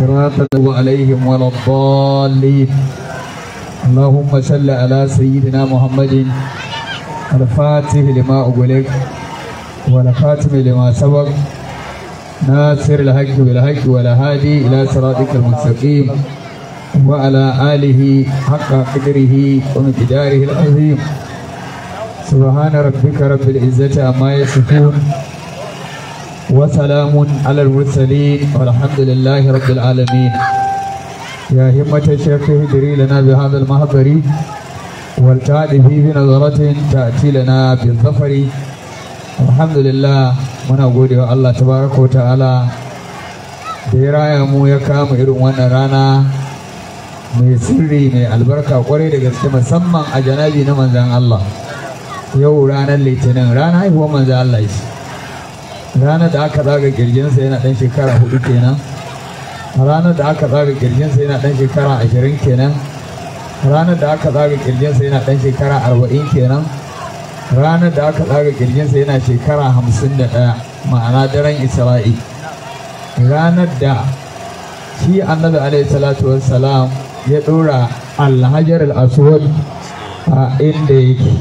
صراط عليهم ولا الضالين اللهم صل على سيدنا محمد الفاتح لما أغلق والخاتم لما سبق ناصر الحق بالحق والهادي إلى صراطك المستقيم وعلى آله حق قدره ومقداره العظيم سبحان ربك رب العزة عما يصفون وسلام على المرسلين والحمد لله رب العالمين يا همة الشيخ اهدري لنا بهذا المهبر والتعد به بنظرة تأتي لنا بالظفر الحمد لله من أقول الله تبارك وتعالى ديرايا مو يكام إرون رانا mai sirri mai albarka kwarai da gaske musamman a janabi na manzan Allah yau ranar litinin rana haihuwar manzan Allah shi ranar da aka zaga kirjinsa yana ɗan shekara hudu kenan ranar da aka zaga kirjinsa yana ɗan shekara ashirin kenan ranar da aka zaga kirjinsa yana ɗan shekara arba'in kenan ranar da aka zaga kirjinsa yana shekara hamsin da ɗaya ma'ana daren isra'i ranar da shi annabi alaihi salatu wassalam ya ɗora alhajar al'asuwal a inda yake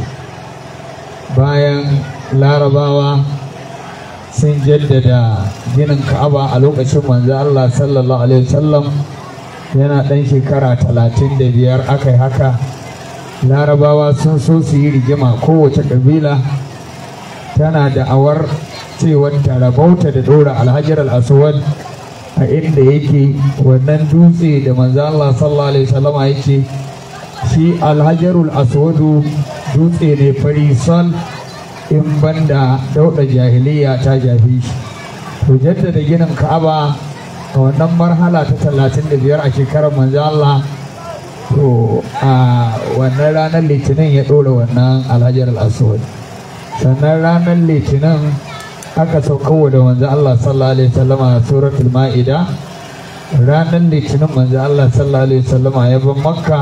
bayan larabawa sun jaddada ginin ka'aba a lokacin manzo Allah sallallahu alaihi wasallam yana ɗan shekara talatin da biyar aka haka larabawa sun so su yi rigima kowace ƙabila tana da awar cewar ta rabauta da ɗora alhajar al'aswad a inda yake wannan dutse da manzo Allah sallallahu alaihi wasallam yake shi alhajarul aswadu dutse ne fari sal in banda dauɗa jahiliya ta jafi shi to jaddada ginin ka'aba a wannan marhala ta talatin da biyar a shekarar manzo Allah to a wannan ranar litinin ya ɗora wannan alhajar al'aswad sannan ranar litinin aka saukowa da manzo Allah sallallahu alaihi wasallama suratul ma'ida ranar litinin manzo Allah sallallahu alaihi wasallama ya bar makka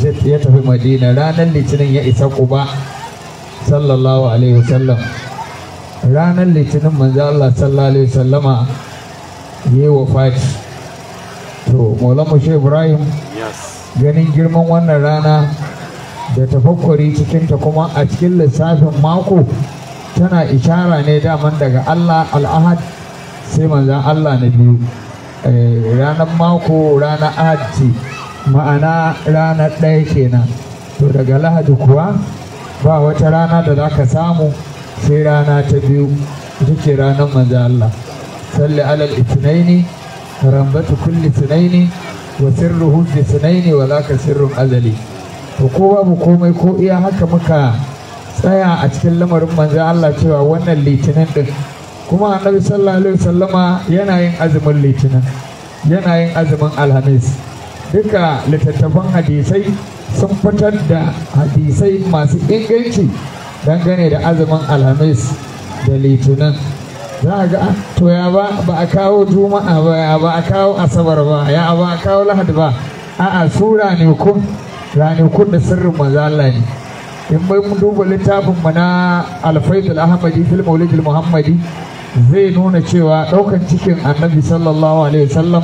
ya tafi madina ranar litinin ya isa quba sallallahu alaihi wasallam ranar litinin manzo Allah sallallahu alaihi wasallama ya wa fati to maulana shi ibrahim ganin girman wannan rana da tafakkuri cikinta kuma a cikin lissafin mako tana ishara ne daman daga allah al'ahad sai manzo allah na biyu eh, ranar mako ranar ahad ce ma'ana ranar ɗaya kenan to daga lahadi kuwa ba wata rana da za ka samu sai rana ta biyu ita ce ranar manzo Allah salli alal itinaini karambatu kulli sinaini wa sirruhu bi sinaini wa laka sirrun azali to ko babu komai ko iya haka muka tsaya a cikin lamarin manzo Allah cewa wannan litinin din kuma annabi sallallahu alaihi wasallama yana yin azumin litinin yana yin azumin alhamis duka littattafan hadisai sun fitar da hadisai masu inganci dangane da azumin alhamis da litinin za a ga ah, to ya ba a kawo juma'a ba ya ba a kawo asabar ba ya ba a kawo lahadi ba a'a su ranakun ranakun da sirrin mazala ne in bai mun duba littafin mu na alfaitul ahmadi fil maulidil muhammadi zai nuna cewa daukan cikin annabi sallallahu alaihi wasallam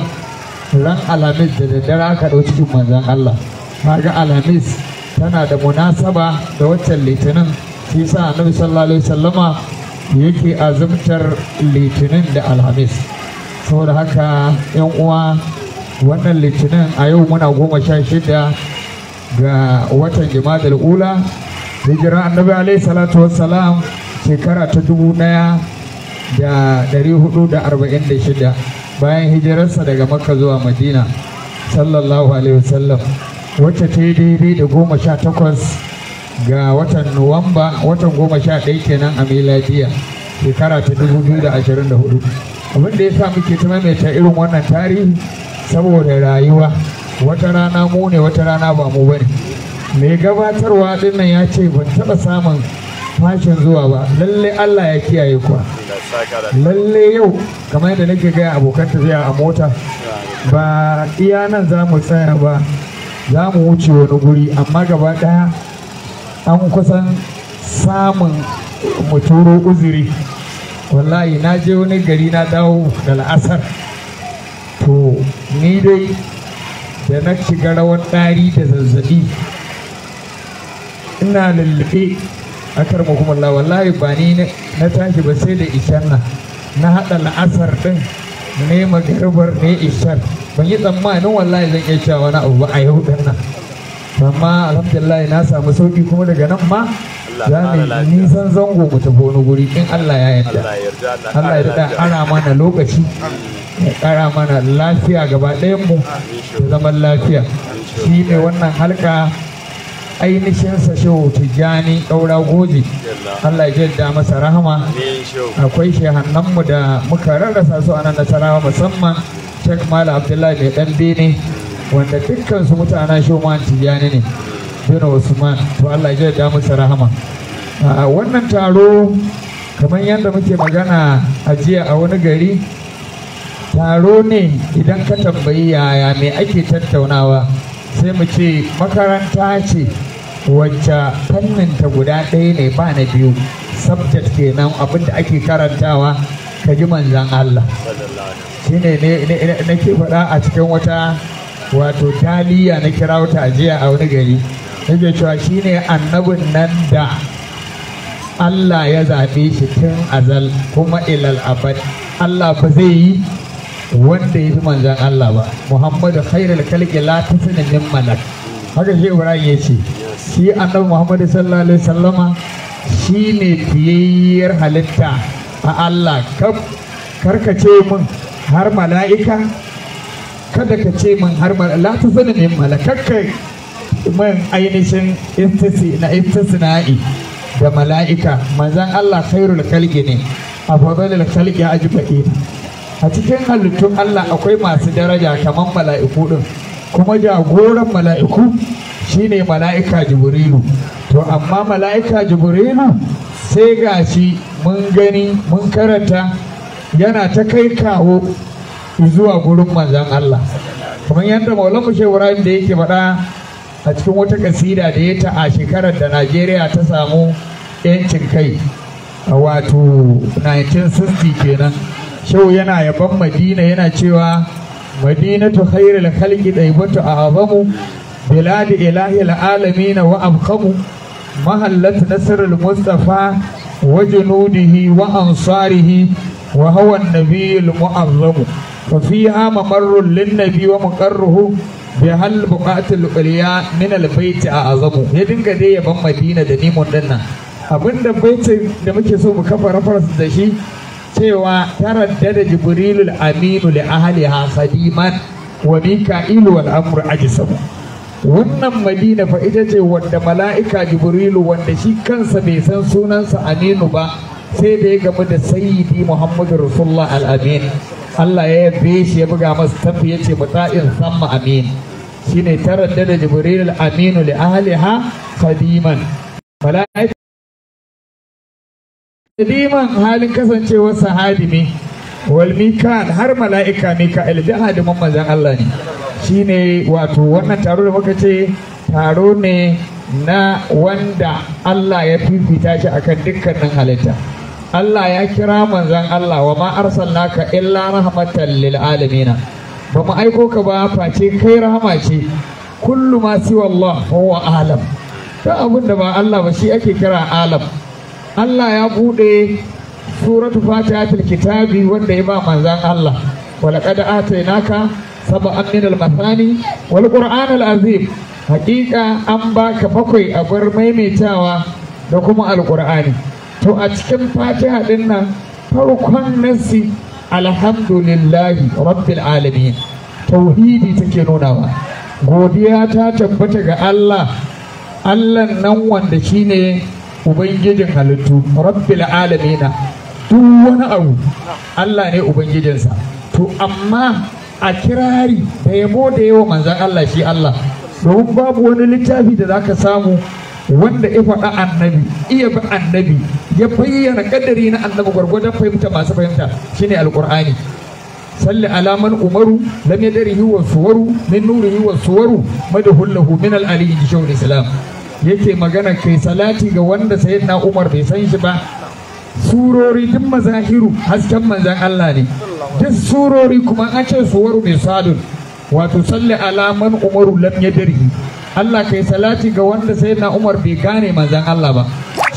ran alhamis da daddare aka dau cikin manzon Allah kaga alhamis tana da munasaba da waccan litinin shi sa annabi sallallahu alaihi wasallama yake azumtar litinin da alhamis saboda haka yan uwa wannan litinin a yau muna goma sha shida ga watan jimadar ula hijira annabi alaihi salatu wassalam shekara ta dubu daya da dari hudu da arba'in da shida bayan hijirarsa daga makka zuwa madina sallallahu alaihi wasallam wacce ta yi daidai da goma sha takwas ga watan nuwamba watan goma sha ɗaya kenan a miladiya shekara ta dubu biyu da ashirin da hudu abin da ya sa muke ta maimaita irin wannan tarihi saboda rayuwa wata rana mu ne wata rana ba mu bane mai gabatarwa dinnan ya ce ban taɓa samun fashin zuwa ba Lallai Allah ya kiyaye kuwa Lallai yau kamar yadda nake gaya abokan tafiya a mota ba iya nan za mu tsaya ba za mu wuce wani guri amma gaba ɗaya an kusan samun muturo uzuri wallahi na je wani gari na dawo da la'asar to ni dai da na shiga rawar ɗari da zazzabi ina lullube a karmakumullah wallahi ba ni na tashi ba sai da ishan na haɗa la'asar ɗin ne magarbar ne ishar ban yi tsammanin wallahi zan iya cewa wani abu ba a yau din nan amma alhamdulillah na samu sauki kuma daga nan ma za mu nisan zango mu tafi wani guri in Allah ya yarda Allah ya yarda ana mana lokaci ya kara mana lafiya gaba ɗayan mu ta zaman lafiya shi ne wannan halka ainihin sa shehu tijjani ɗaura goji Allah ya jadda masa rahama akwai shehannan mu da muka rarrasa su a nan nasarawa musamman Sheikh mala abdullahi mai dan bene wanda dukkan su mutanen shoman tijjani ne Bino usman to allah ya da musu rahama wannan taro kamar yadda muke magana a jiya a wani gari taro ne idan ka tambayi yaya me ake tattaunawa sai mu ce makaranta ce wacce fannin ta guda ɗaya ne ba na biyu subject kenan abinda ake karantawa ka ji manzan Allah shi ne ke faɗa a cikin wata wato taliya na kira wata jiya a wani gari nake cewa shi ne annabin nan da Allah ya zaɓe shi tun azal kuma ilal abad Allah ba zai yi wanda ya fi manzan Allah ba Muhammadu khairul khalqi la tasna min malak haka shi Ibrahim ya ce shi annabi Muhammadu sallallahu alaihi wasallama shine fiyayyar halitta a Allah ce min har mala'ika kada ka ce min har mala’ika ta zana min malakakka min ainihin na istisna'i da mala'ika manzan Allah khairul khalqi ne a fadalil khalqi ajma'in a cikin halittun Allah akwai masu daraja kamar mala'iku din kuma jagoran mala'iku shine mala'ika jibrilu to amma mala'ika jibrilu sai gashi mun gani mun karanta yana ta kai kawo zuwa gurin manzan Allah kamar yadda maulan mu Ibrahim da yake faɗa a cikin wata kasida da ya ta a shekarar da Najeriya ta samu yancin kai A wato 1960 kenan shau yana yaban Madina yana cewa madinatu khairul khalqi daibatu azamu bilad ilahi alamin wa abqamu mahallat nasr al-mustafa وجنوده وأنصاره وهو النبي المعظم ففيها ممر للنبي ومقره بهل بقات الأولياء من البيت أعظم يدن كده يبن مدينة دنيم دنا abin da baitin da muke so mu kafa reference da shi cewa taradda da Jibrilu aminu li ahliha khadiman wa mika'ilu wal amru wannan madina fa ita ce wanda mala'ika jibrilu wanda shi kansa bai san sunansa aminu ba sai da ya gamu da sayyidi muhammadu rasulullah al-amin allah ya yabe shi ya buga masa tafi ya ce mata'in samma amin shine taradda da jibrilu aminu li ahliha qadiman mala'ika qadiman halin kasancewar sahadimi wal mikan har mala'ika mika'il da hadimin manzon allah ne shine wato wannan taro da muka ce taro ne na wanda Allah ya fifita shi akan dukkanin halitta Allah ya kira manzan Allah wa ma arsalnaka illa rahmatan lil alamin ba mu aiko ka ba face kai rahama ce kullu ma siwa Allah huwa alam ta abin da ba Allah ba shi ake kira alam Allah ya bude suratu fatihatul kitabi wanda ya ba manzan Allah wa laqad atainaka sab'an min masani wal qur'an al-azim an baka bakwai a bar maimaitawa da kuma Alƙur'ani. to a cikin fatiha din nan farkon nasi alhamdulillahi rabbil alamin tauhidi take nunawa godiya ta tabbata ga Allah Allah nan wanda shine ubangijin halittu rabbil alamin duk wani abu Allah ne ubangijinsa to amma a kirari da yabo da yawa manzan Allah shi Allah domin babu wani littafi da za ka samu wanda ya faɗa annabi iya bi annabi ya bayyana kadari na annabi gwargwadon fahimta masu fahimta shine alkur'ani salli alaman umaru lam dari yiwuwar suwaru min nuri wa suwaru madhullahu min al-ali shawul islam yake magana kai salati ga wanda sayyidina umar bai san shi ba surori duk mazahiru hasken manzan Allah ne duk surori kuma an ce suwaru misalun wato salli alaman umaru lam yadri Allah kai salati ga wanda sai na Umar bai gane manzan Allah ba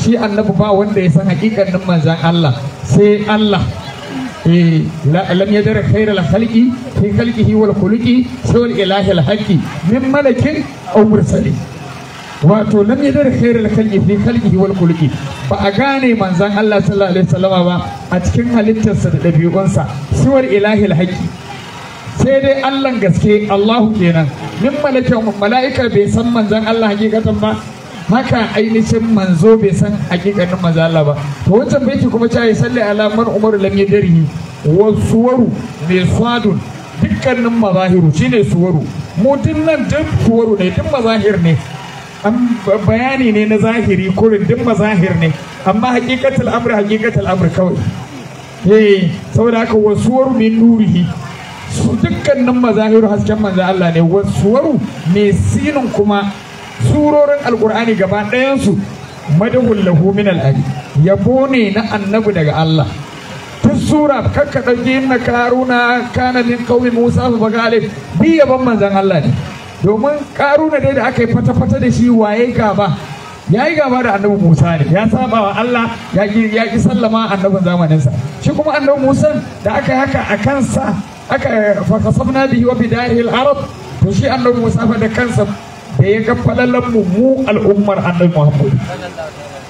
shi annabi ba wanda ya san hakikanin manzan Allah sai Allah eh lam yadri khairal khalqi fi khalqihi wal khuluqi sai wal ilahi al haqqi min malakin aw mursalin wato lam yadar khairul khalqi fi khalqihi wal khuluqi ba a gane manzon Allah sallallahu alaihi wasallama ba a cikin halittarsa da dabi'unsa siwar ilahil haqqi sai dai Allah gaske Allahu kenan min malakin mala'ika bai san manzon Allah hakikatan ba haka ainihin manzo bai san hakikanin manzo Allah ba to wancan baiti kuma ta yi salli alamar umar lam yadrihi wa suwaru mai sadun dukkanin mazahiru shine suwaru mutum nan duk suwaru ne duk mazahir ne bayani ne na zahiri kurin duk mazahir ne amma hakikatul amr hakikatul amr kawai eh saboda haka wasuwar min nurihi su dukkanin mazahiru hasken manzo Allah ne wasuwar mai sinin kuma surorin Alƙur'ani gaba ɗayansu madahun lahu min al'adi yabo ne na annabi daga Allah ta sura kakka ɗauki na karuna kana min kauyi musa su baga alif bi yaban manzan Allah ne domin karuna dai da aka yi fata-fata da shi waye gaba ya yi gaba da annabi musa ne ya saba wa allah ya ki sallama annabin zamaninsa shi kuma annabi musa da aka yi haka a kansa aka da bihi wa bidarihil arab to shi annabi musa fa da kansa da ya ga falalan mu mu al'ummar annabi muhammad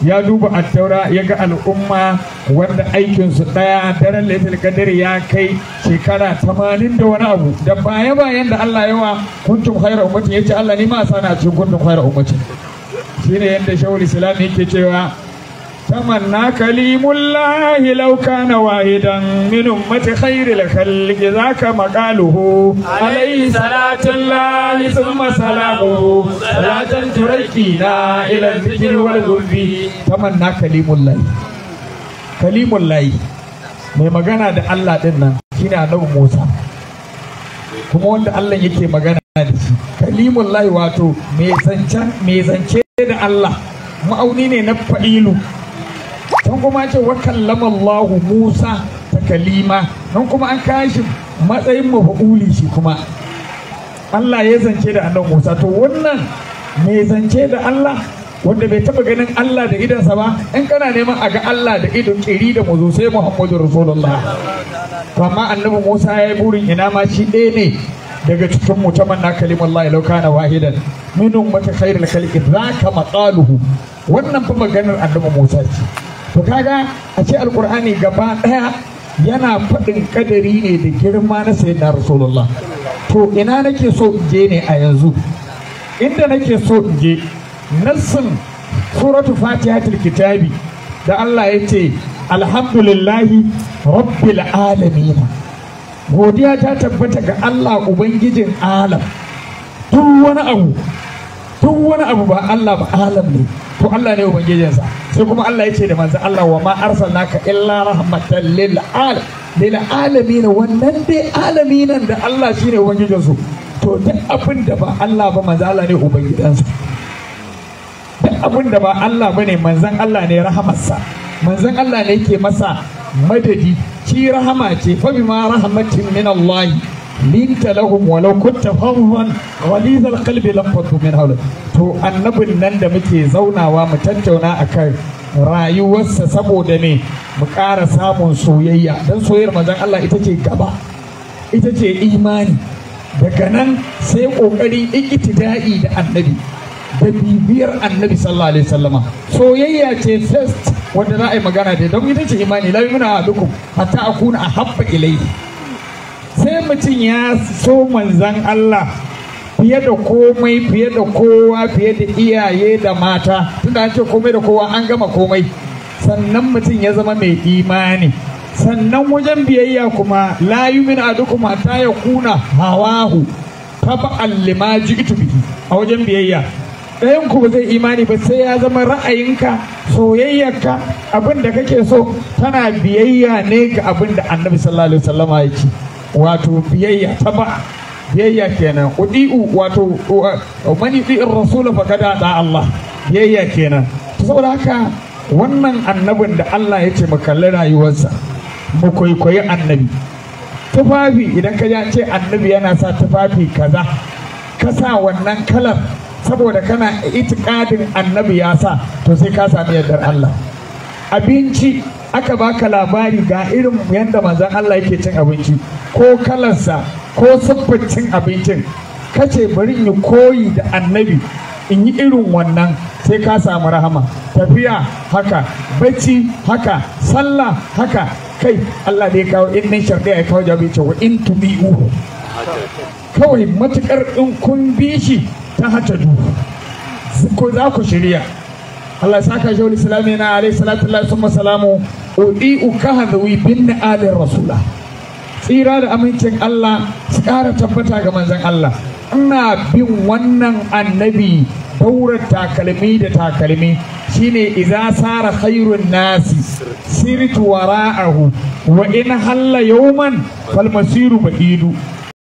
ya duba attaura ya ga al'umma wanda aikinsu ɗaya daren laifin kadir ya kai shekara tamanin da wani abu da baya bayan da Allah yawa kuntum khairar umarci, ya ce Allah ni ma sana cikin kuntum khairar Shi ne yadda shawul islam yake cewa تمنى كليم الله لو كان واحدا من أمة خير لخلق ذاك مقاله عليه صلاة الله ثم سلامه صلاة تركينا إلى الذكر والذنب تمنى كليم الله كليم الله mai magana da Allah din nan shine annabi Musa kuma wanda Allah yake magana da shi kalimun wato mai zance da Allah ma'auni ne na fa'ilu nan kuma ce wa kallama Allahu Musa Kalima, nan kuma an kashi matsayin mafa'uli shi kuma Allah ya zance da annabi Musa to wannan me zance da Allah wanda bai taba ganin Allah da idonsa ba in kana neman a ga Allah da idon kiri da zo sai Muhammadu Rasulullah to amma annabi Musa ya yi burin ina ma shi ɗaya ne daga cikin mu ta manna kalimullahi law kana wahidan Minun mata khairul khalqi zaka maqaluhu wannan fa maganar annabi Musa ce to kaga a ce alkur'ani gaba daya yana faɗin kadari ne da girma na na rasulullah to ina nake so in je ne a yanzu inda nake so in je nassin suratu fatihatul kitabi da Allah ya ce alhamdulillahi rabbil alamin godiya ta tabbata ga Allah ubangijin alam duk wani abu duk wani abu ba Allah ba alam ne to Allah ne ubangijinsa sai kuma Allah ya ce da manzo Allah wa ma arsalnaka illa rahmatan lil alamin lil alamin wannan dai alamin da Allah shine ubangijin su to duk abin da ba Allah ba manzo Allah ne su? duk abin da ba Allah ba ne manzon Allah ne rahamarsa manzon Allah ne yake masa madadi ki rahama ce fa ma rahmatin min Allah linta lahum walau kunta fahman ghaliz alqalbi lanfatu min hawla to annabin nan da muke zaunawa mu tattauna a kan rayuwarsa saboda ne mu ƙara samun soyayya dan soyayyar manzon Allah ita ce gaba ita ce imani daga nan sai kokari iktida'i da annabi da bibiyar annabi sallallahu alaihi soyayya ce first wanda za a yi magana da don ita ce imani la muna ahadukum hatta akuna ahabba ilayhi sai mutum ya so manzan Allah fiye da komai fiye da kowa fiye da iyaye da mata tunda an ce komai da kowa an gama komai sannan mutum ya zama mai imani sannan wajen biyayya kuma la kuma ta ya kuna hawahu taba'an lima ji'tu bihi a wajen biyayya ɗayan ku zai imani ba sai ya zama ra'ayinka soyayyarka abin da kake so tana biyayya ne ga abin da annabi sallallahu alaihi wasallama ya ce wato biyayya ta ba biyayya kenan kudi wato mani yuti'ir rasul fa kada da Allah biyayya kenan saboda haka wannan annabin da Allah ya ce mu kalli rayuwarsa mu kwaikwayi annabi tufafi idan ka ce annabi yana sa tufafi kaza ka sa wannan kalar saboda kana itikadin annabi ya sa to sai ka sami yardar Allah abinci aka baka labari ga irin yadda manzan Allah yake cin abinci ko kalansa ko siffar cin abincin kace bari in yi koyi da annabi in yi irin wannan sai ka samu rahama tafiya haka bacci haka sallah haka kai Allah da ya kawo in nan sharɗi ya kawo jabi cewa in uku? kawai matukar in kun bi shi ta hata ko za ku shirya Allah saka wani salami na alaihi salatu Salamu. da wi binne alin rasula tsira da amincin Allah su ƙara tabbata ga manzan Allah ina bin wannan annabi daurar takalmi da takalmi shine iza sara khairun nasi siritu wara'ahu wa in halla yawman fal masiru ba'idu